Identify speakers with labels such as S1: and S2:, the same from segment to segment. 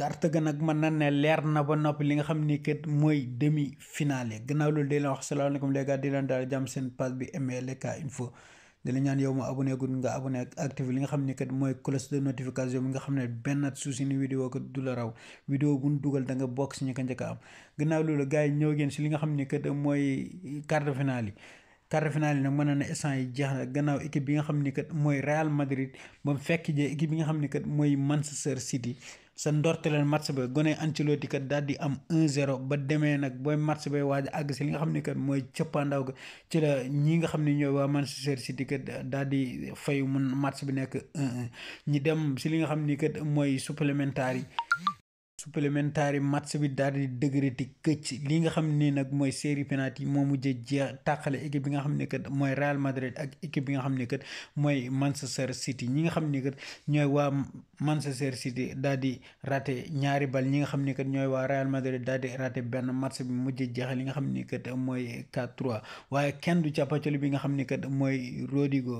S1: carte ga nag mën nan ne leer na ba noppi li nga xam ni kat mooy demi finale gannaaw loolu di leen wax salaamaaleykum les gars di leen daal jàmm seen page bi MLK info di la ñaan yow ma li nga xam ni kat mooy cloche de notification nga xam ne benn suuf si ni vidéo dugal da nga bokk si ñu ko njëkk a am gannaaw loolu gars yi ñëw ngeen li nga xam ni kat mooy quart finale yi. quart de finale yi nag yi jeex na gannaaw équipe bi nga xam ni kat mooy Real Madrid ba fekk jee bi nga xam ni kat mooy Manchester City sa ndorteleen match ba gone Ancelotti kat daal di am 1 ba demee nag booy match bay waaj a àgg si li nga xam ne kat mooy cëppaandaw ga ci la ñi nga xam ne ñooy waa Manchester City kat daal di fay mun match bi nekk 1-1 ñi dem si li nga xam ni kat mooy supplémentaire yi. supplémentaire match bi daal di dëgërati këcc li nga xam ne nag mooy série penalty moo mujj jeex tàqale équipe bi nga xam ne kat mooy Real Madrid ak équipe nga xam ne kat mooy Manchester City ñi nga xam ni kat ñooy waa Manchester City daal di raté ñaari bal ñi nga xam ni kat ñooy waa Real Madrid daal di raté benn match bi mujj jeex li nga xam ne kat mooy 4-3 waaye kenn du càppaacoli bi nga xam ne kat mooy Rodrigo.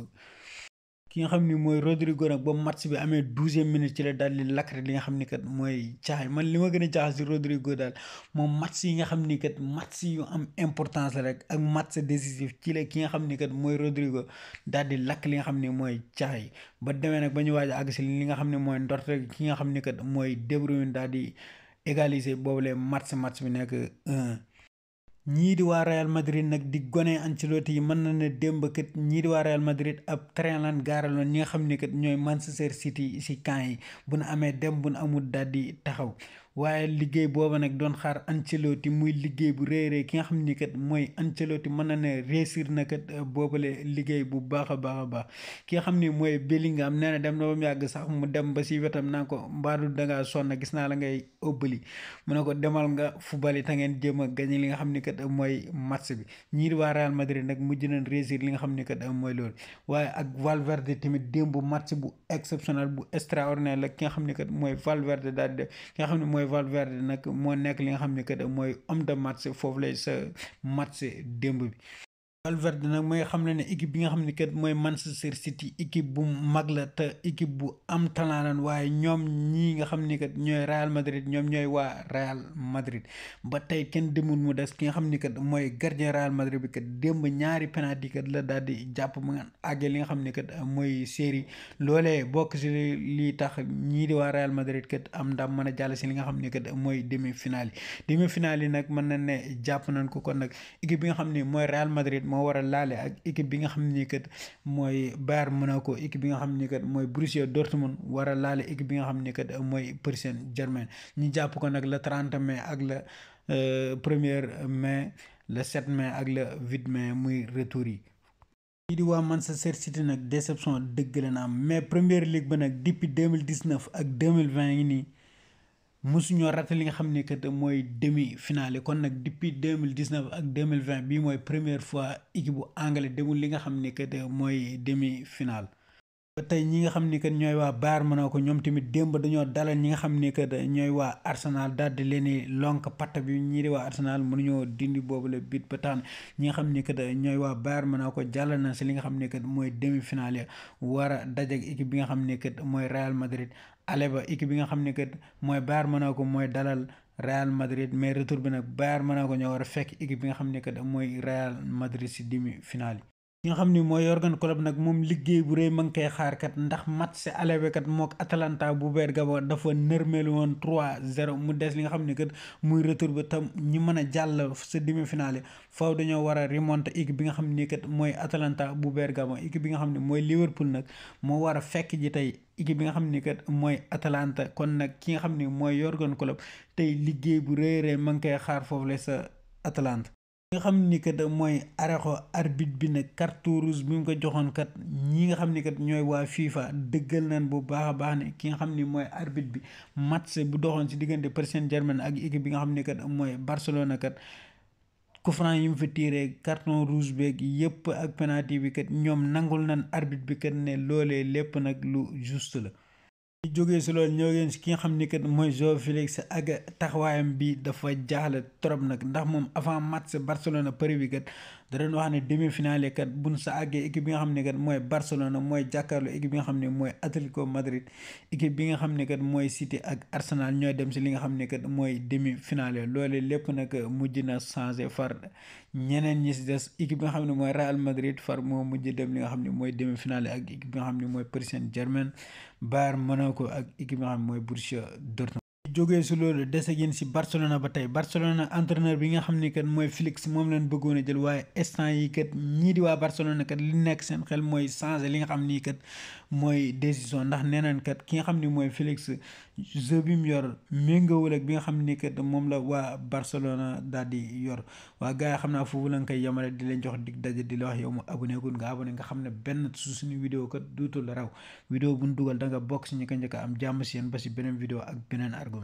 S1: ki nga xam ni mooy Rodrigo nag ba match bi amee douzième minute ci la daal di lakk li nga xam ni kat mooy caaxi man li ma gën a jaaxal si Rodrigo daal moom match yi nga xam ni kat match yu am importance rek ak match décisif ci la ki nga xam ni kat mooy Rodrigo daal di lakk li nga xam ni mooy caaxi ba demee nag ba ñu waaj a àgg si li nga xam ne mooy ndort ki nga xam ni kat mooy De Bruyne daal di égaliser boobu le match match bi nekk 1 ñii di waa Real Madrid nag di gone Ancelotti yi mën na ne démb kat ñii di waa Real Madrid ab train lan gaaraloon nga xam ne kat ñooy Manchester City si kan yi bu nu amee dem bu nu amul daal di taxaw waaye liggéey booba nag doon xaar Ancelotti muy liggéey bu rëy rëy ki nga xam ni kat mooy Ancelotti mën na ne réussir na kat boobale liggéey bu baax a baax baax ki nga xam ni mooy Bellingham nee na dem na ba yàgg sax mu dem ba si wetam naa ko mbaadu dangaa sonn gis naa la ngay ëbbali mu ne ko demal nga fubali ta ngeen jéem a gagné li nga xam ni kat mooy match bi ñii di waa Real Madrid nag mujj nañ réussir li nga xam ni kat mooy loolu waaye ak Valverde tamit démb match bu exceptionnel bu extraordinaire la ki nga xam ni kat mooy Valverde daal di ki nga xam ne mooy Valverde nag moo nekk li nga xam ne que mooy homme de match foofu lay sa match démb bi. Valverde nag mooy xam ne ne équipe bi nga xam ne kat mooy Manchester City équipe bu mag la te équipe bu am talent lan waaye ñoom ñii nga xam ni kat ñooy Real Madrid ñoom ñooy waa Real Madrid ba tey kenn demul mu des ki nga xam ni kat mooy gardien Real Madrid bi kat démb ñaari penalty kat la daal di jàpp mu li nga xam ni kat mooy série loolee bokk si lii tax ñii di waa Real Madrid am ndam mën a jàll si li nga xam ni kat mooy demi finale yi demi finale nag mën na ne jàpp nañ ko kon nag équipe bi nga xam ne mooy Real Madrid moo war a laale ak équipe bi nga xam ni kat mooy Bayern Monaco équipe bi nga xam ni kat mooy Borussia Dortmund war a laale équipe bi nga xam ni kat mooy Paris Saint-Germain ñu jàpp ko nag le 30 mai ak le euh, première mai le 7 mai ak le 8 mai muy retour yi. lii di waa Manchester City nag déception dëgg la na am mais Premier League ba nag depuis 2019 ak 2020 yi nii. mosuñoo raté li nga xam ne que mooy demi finale kon nag depuis deux mille dix neuf ak deux mille vingt bii mooy première fois équipe bu anglais demul li nga xam ne que mooy demi finale. ba tey ñi nga xam ne que ñooy waa Bayern Monaco ñoom tamit démb dañoo dalal ñi nga xam ne que ñooy waa Arsenal daal di leen di lonk bi ñii di waa Arsenal mënuñoo dindi boobu la bit ba taan ñi nga xam ne que ñooy waa Bayern Monaco jàll na si li nga xam ne que mooy demi finale war a daje ak équipe bi nga xam ne que mooy Real Madrid. ale Aleba équipe bi nga xam ni que mooy Bayern ko mooy dalal Real Madrid mais retour bi nag Bayern ko ñoo war a fekk équipe bi nga xam ne que mooy Real Madrid si demi finale yi. ki nga xam ni mooy Jürgen Klopp nag moom liggéey bu rëy ma xaarkat koy xaar kat ndax match aller kat mook Atalanta bu Bergamo dafa nërmeel woon 3-0 mu des li nga xam ni kat muy retour bi tam ñi mën a jàll sa demi-finale faaw dañoo war a remonter équipe bi nga xam ni kat mooy Atalanta bu Bergamo équipe bi nga xam ni mooy Liverpool nag moo war a fekk ji tey équipe bi nga xam ni kat mooy Atalanta kon nag ki nga xam ni mooy Jürgen Klopp tey liggéey bu rëy rëy ma ngi koy xaar foofu la sa Atalanta. nga xam ni kat mooy araxo arbitre bi nag carte rouge bi mu ko joxoon kat ñi nga xam ni kat ñooy waa FIFA dëggal nañ bu baax baax ne ki nga xam ni mooy arbitre bi match bu doxoon ci diggante Paris Saint-Germain ak équipe bi nga xam ni kat mooy Barcelona kat coup franc yi mu fa tiiree carton rouge beeg yëpp ak penalty bi kat ñoom nangul nañ arbitre bi kat ne loolee lépp nag lu juste la ñu jógee si loolu ñëw ngeen ki nga xam ni que mooy Joao Félix ak taxawaayam bi dafa jaal trop nag ndax moom avant match Barcelona Paris bi kat da doon wax ne demi finale kat buñ sa àggee équipe bi nga xam ne kat mooy Barcelona mooy jàkkaarloo équipe bi nga xam ne mooy Atlético Madrid équipe bi nga xam ne kat mooy City ak Arsenal ñooy dem si li nga xam ne kat mooy demi finale loole lépp nag mujj na changé far ñeneen ñi si des équipe bi nga xam ne mooy Real Madrid far moo mujj dem li nga xam ne mooy demi finale ak équipe bi nga xam ne mooy Paris Saint-Germain Bayern Monaco ak équipe bi nga xam ne mooy Borussia Dortmund jóge si loolu dese ngeen si Barcelona ba tey Barcelona entraîneur bi nga xam ne kat mooy Félix moom leen bëggoon a jël waaye instant yi kat ñii di waa Barcelona kat li nekk seen xel mooy changé li nga xam ni kat mooy décision ndax nee kat ki nga xam ni mooy Félix jeu bi mu yor méngoowul ak bi nga xam ni kat moom la waa Barcelona daal di yor waa gaa yi xam naa foofu la nga koy yemale di leen jox dig daje di la wax yow mu abonné gul nga ne nga xam ne benn su suñu vidéo kat duutul raw vidéo bu ñu dugal da nga bokk si ñu ko njëkk am jàmm si ba si beneen vidéo ak beneen argo